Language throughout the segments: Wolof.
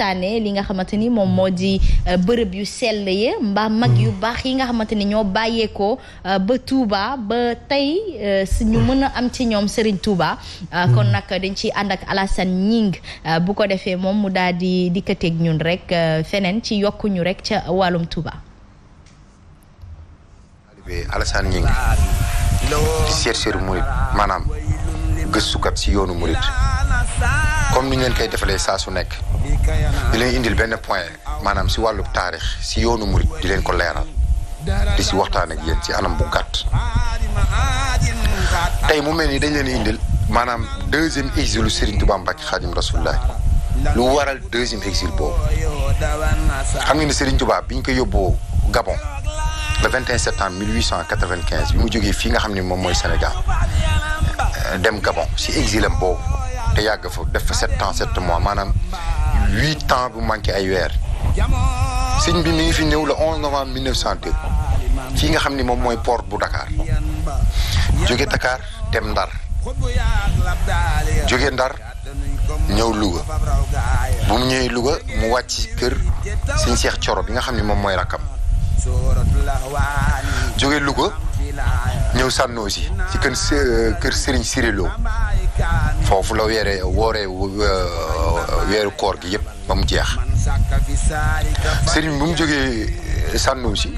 waxtaanee li nga xamante ni moom moo di euh, bërëb yu sell yi mbaa mag yu mm. baax yi nga xamante ni ñoo bàyyeekoo euh, ba Touba ba tey euh, ñu mën a am ci ñoom sëriñ Touba. Mm. kon nag dañ ciy ànd ak Alassane Gning bu ko defee moom mu daal di dikkateeg ñun rek feneen ci yokkuñu rek ca wàllum Touba. comme ni ñu leen koy defalee saa su nekk di leen indil benn point maanaam si wàllu taarix si yoonu murit di leen ko leeral di si waxtaan ak yéen si anam bu gàtt. tey mu mel ni dañ leen indil maanaam deuxième exil lu Serigne Touba Mbacke Khadim Rasulullah lu waral deuxième exil boobu xam nga ni Serigne Touba biñ ko yóbboo Gabon le 21 septembre 1895 bi mu jógee fii nga xam ni moom mooy Sénégal euh, dem Gabon si exilam boobu. te yàgg fa def fa sept ans sept mois maanaam huit ans bu manqué ay weer sëñ bi mi ngi fi ñëw le 11 novembre 1902 fii nga xam ni moom mooy port bu Dakar jóge Dakar dem Ndar jóge Ndar ñëw Louga bu mu ñëwee Louga mu wàcc kër sëñ Seex Coro bi nga xam ni moom mooy rakkam jóge Louga ñëw sànnoo si ci kër euh, kër Serigne Sirilo foofu la weere wooree weeru koor gi yëpp ba mu jeex sëriñ bu mu jógee eh, sànnu si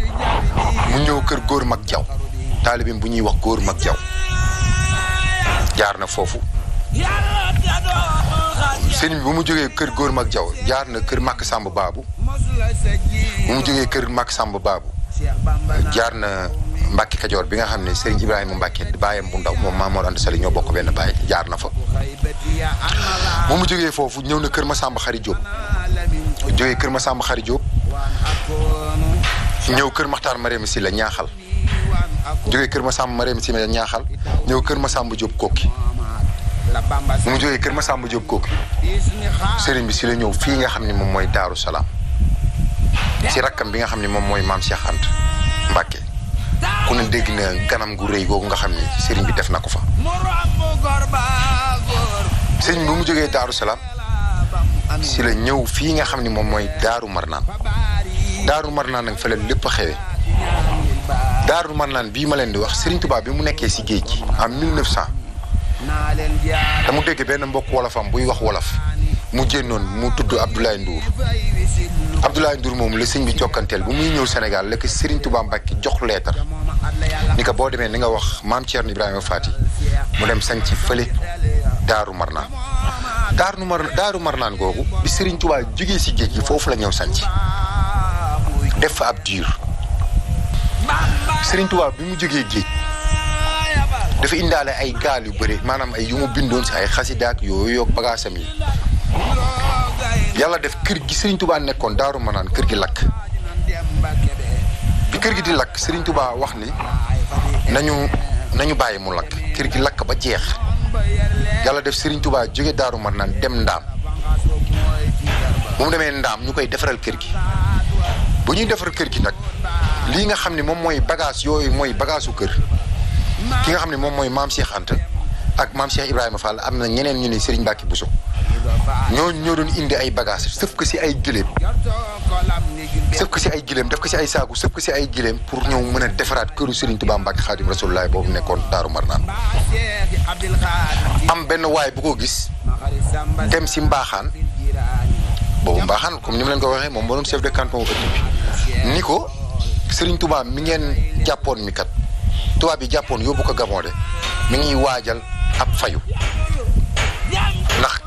mu ñëw kër góor mag jaw taalibeem bu ñuy wax góor mag jaw jaar na foofu sëriñ bi bu mu jógee kër góor mag jaw jaar na kër màkk sàmb baabu bu mu jógee kër màkk sàmb baabu jaar na Mbacke Kajoor bi nga xam ne Serigne Ibrahima Mbacke baayam bu ndaw moom Maam Mor Sali ñoo bokk benn baay jaar na fa. bu mu jógee foofu ñëw na Kër Masamba Xari Diop jógee Kër Masamba Xari Diop ñëw Kër Maxtaar Mariam si la ñaaxal jógee Kër Masamba Mariam si la ñaaxal ñëw Kër Masamba Diop kooki. bu mu jógee Kër Masamba Diop kooki Serigne bi si la ñëw fii nga xam ni moom mooy Daaru Salaam si rakkam bi nga xam ne moom mooy maam Cheikh Anta Mbacke. ku dégg na ganam gu rëy googu nga xam ne sëriñ bi def na ko fa sëriñ mu jógee Daaru Salaam si la ñëw fii nga xam ni moom mooy Daaru Marnaan Daaru Marnaan nag fa la lépp a xewe Daaru Marnaan bii ma leen di wax sëriñ tubaab bi mu nekkee si géej gi en 1900 te mu dégg benn mbokk wolofam buy wax wolof mu génnoon mu tudd Abdoulaye Ndour Abdoulaye Ndour moom la sëñ bi jokkanteel bu muy ñëw senegal la ko Serigne Touba Mbacke jox leetar ni ko boo demee ni nga wax maam Thierno Ibrahima Fati mu dem sañ ci fële Daaru Marnaan Daaru Mar Daaru Marnaan googu bi Serigne Touba jógee si géej gi foofu la ñëw sañ ci def fa ab diir Serigne Touba bi mu jógee géej dafa indaale ay gaal yu bëri maanaam ay yu mu bindoon si ay xasidaak yooyu yoog bagaasam yi. yàlla def kër gi Serigne Touba nekkoon daaru ma naan kër gi lakk bi kër gi di lakk Serigne Touba wax ni nañu nañu bàyyi mu lakk kër gi lakk ba jeex yàlla def sëriñ tubaa jóge daaru ma naan dem ndaam moom demee ndaam ñu koy defaral kër gi bu ñuy defar kër gi nag lii nga xam ni moom mooy bagage yooyu mooy bagage kër ki nga xam ni moom mooy maam Cheikh ak maam Cheikh Ibrahima Fall am na ñeneen ñu ne Serigne Mbacke Bousso ñoo doon indi ay bagage sëf ko si ay gileem sëf ko si ay gileem def ko si ay saaku sëf ko si ay gileem pour ñëw mën a defaraat këru Serigne Touba Mbacke Xaadim Rasulullaay boobu nekkoon Daaru Marnaan am benn waay bu ko gis dem si mbaaxaan boobu mbaaxaan comme ni leen ko waxee moom moo doon chef de canton bi ni ko Serigne Touba mi ngeen jàppoon mi kat tubaab yi jàppoon yóbbu ko Gabon de mi ngi waajal ab fayu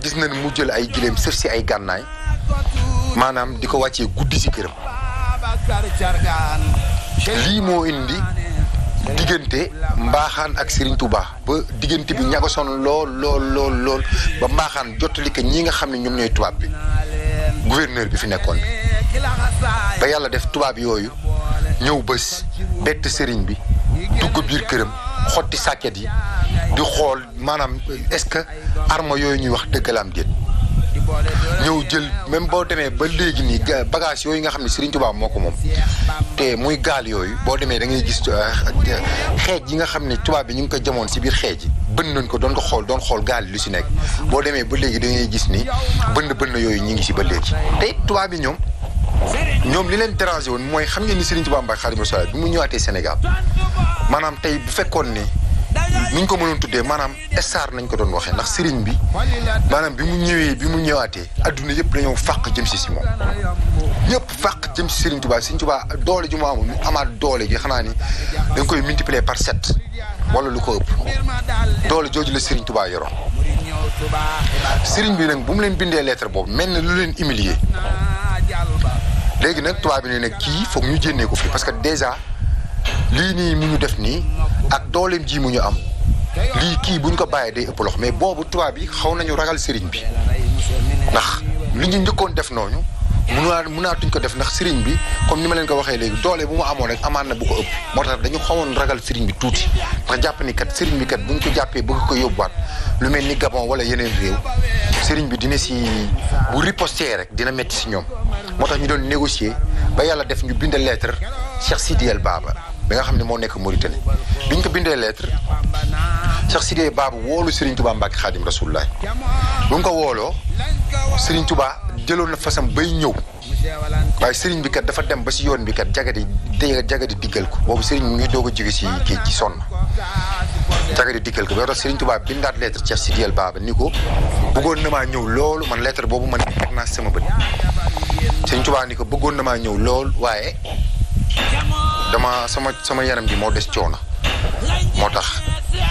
gis nañ mu jël ay gileem sëf si ay gànnaay maanaam di ko wàccee guddi si këram lii moo indi diggante mbaaxaan ak Serigne baax ba diggante bi ñagasoon lool lool lool lool ba mbaaxaan jottali ñi nga xam ne ñoom ñooy tubaab bi gouverneur bi fi nekkoon ba yàlla def tubaab yooyu ñëw bés bett Serigne bi dugg biir këram xotti sàkket yi di xool maanaam est-ce que arme yooyu ñuy wax dëgg la am ñëw jël même boo demee ba léegi nii bagage yooyu nga xam ne Serigne Touba moo ko moom te muy gaal yooyu boo demee da ngay gis euh, xeej yi nga xam ne tubaab bi ñu ngi ko jamoon si biir xeej yi bënn nañ ko doon ko xool xool gaal lu si nekk boo demee ba da ngay gis ni bënn bënn yooyu ñu ngi si ba léegi te it tubaab bi ñoom ñoom li leen dérangé woon mooy xam ne ni Serigne Touba Mbaye Xaadimu Rasuul bi mu ñëwaatee Sénégal maanaam tey bu fekkoon ni niñ ko mënoon tuddee maanaam star nañ ko doon waxee ndax sëriñ bi maanaam bi mu ñëwee bi mu ñëwaatee adduna yëpp dañoo fàq jëm si si moom ñëpp fàq jëm si sëriñ Tuubaa sëriñ Tuubaa doole ju mu amoon amaat doole ji xanaa ni dañ koy multiplier par sept wala lu ko jooju la sëriñ Tuubaa yoroon sëriñ bi nag bu mu leen bindee lettre boobu mel na lu leen humilier léegi nag tubaab bi ne nag kii foog ñu jénnee ko fi parce que déjà lii nii mu ñu def nii ak dooleem jii mu ñu am lii kii buñ ko bàyyee day ëpp loxo mais boobu tubaab bi xaw nañu ragal sëriñ bi ndax li ñu njëkkoon def nooñu mënaa mënaatuñ ko def ndax sëriñ bi comme ni ma leen ko waxee léegi doole bu mu amoon rek amaan na bu ko ëpp moo tax dañu xawoon ragal sëriñ bi tuuti ndax jàpp ni kat sëriñ bi kat bu buñ ko jàppee bëgg ko yóbbuwaat lu mel ni Gabon wala yeneen réew sëriñ bi dina si bu riposté rek dina métti si ñoom moo tax ñu doon négocier ba yàlla def ñu bind lettre Cheikh Sidi El Baba bi nga xam ne moo nekk Mauritanie bi ñu ko bindee lettre Cheikh Sidé Babou woolu Serigne Touba Mbacke Khadim Rasoulaay bu mu ko wooloo Serigne tubaa jëloon na fasam bay ñëw waaye Serigne bi kat dafa dem ba si yoon bi kat jagadi jagadi diggal ko boobu Serigne mi ngi doog a jóge si géej gi sonn jagadi diggal ko ba tax Serigne Touba bindaat lettre Cheikh Sidé Babou ni ko bëggoon na maa ñëw loolu man lettre boobu man teg naa sama bët Serigne Touba ni ko bëggoon na maa ñëw loolu waaye. dama sama sama yaram ji moo des coono moo tax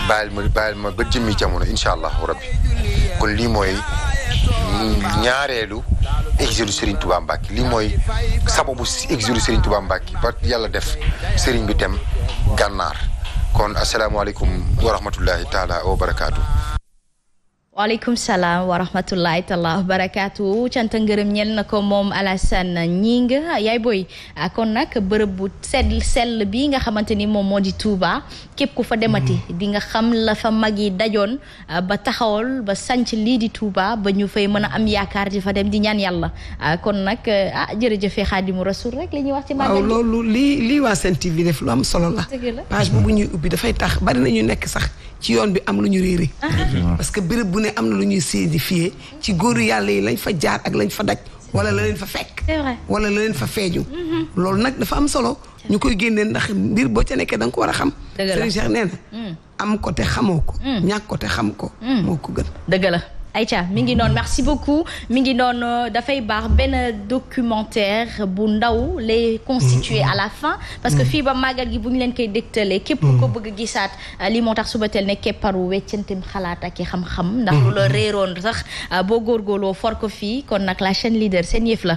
bàyyil ma bàyyil ma ba jëmmi jamono incha allahu rabbi kon lii mooy ñaareelu exilu Serigne Touba Mbacke lii mooy sababu exilu Serigne Touba Mbacke ba yàlla def Serigne bi dem gànnaar kon asalaamaaleykum wa rahmatullahi taala wa barakaatu. waaleykum salaam wa rahmatullahi taala wa barakaatu cant ngërëm ñel na ko moom Alassane Gning yaay booy ah, kon nag bërëb bu sell sell bi nga xamante ni moom moo di Touba képp ku fa demati mm. di nga xam la fa mag yi dajoon ah, ba taxawal ba sanc lii di Touba ba ñu fay mën a am yaakaar di fa dem di ñaan yàlla ah, kon nag ah jërëjëfe Xaadimu Rasul rek li ñuy wax ci màggal loolu lii lii waa Sen TV def lu am solo la page bu bu ñuy ubbi dafay tax bari na ñu nekk sax ci yoon bi am lu ñu réere ah. parce que béréb bu ne am na lu ñuy sédifié ci góoru yàlla yi lañ fa jaar ak lañ fa daj wala la leen fa fekk wala la leen fa feeju mm-hmm. loolu nag dafa am solo ñu koy génnee ndax mbir boo ca nekkee da nga ko war a xam Serigne nee na mm. am ko te xamoo ko mm. ñàkk ko te xam ko mm. moo ko gën dëgg ay Aïcha mi ngi noonu merci beaucoup mi ngi noonu dafay baax benn documentaire bu ndaw lay constituer mm-hmm. à la fin parce que mm-hmm. fii ba màggal gi bu ñu leen koy dégtalee képp ko mm-hmm. bëgg gisaat euh, lii moo tax suba Subatel ne kepparu weccantim xalaat ak i xam-xam ndax lu la réeroon sax euh, boo góorgóorloo for ko fii kon nag la chaîne leader seen yëf la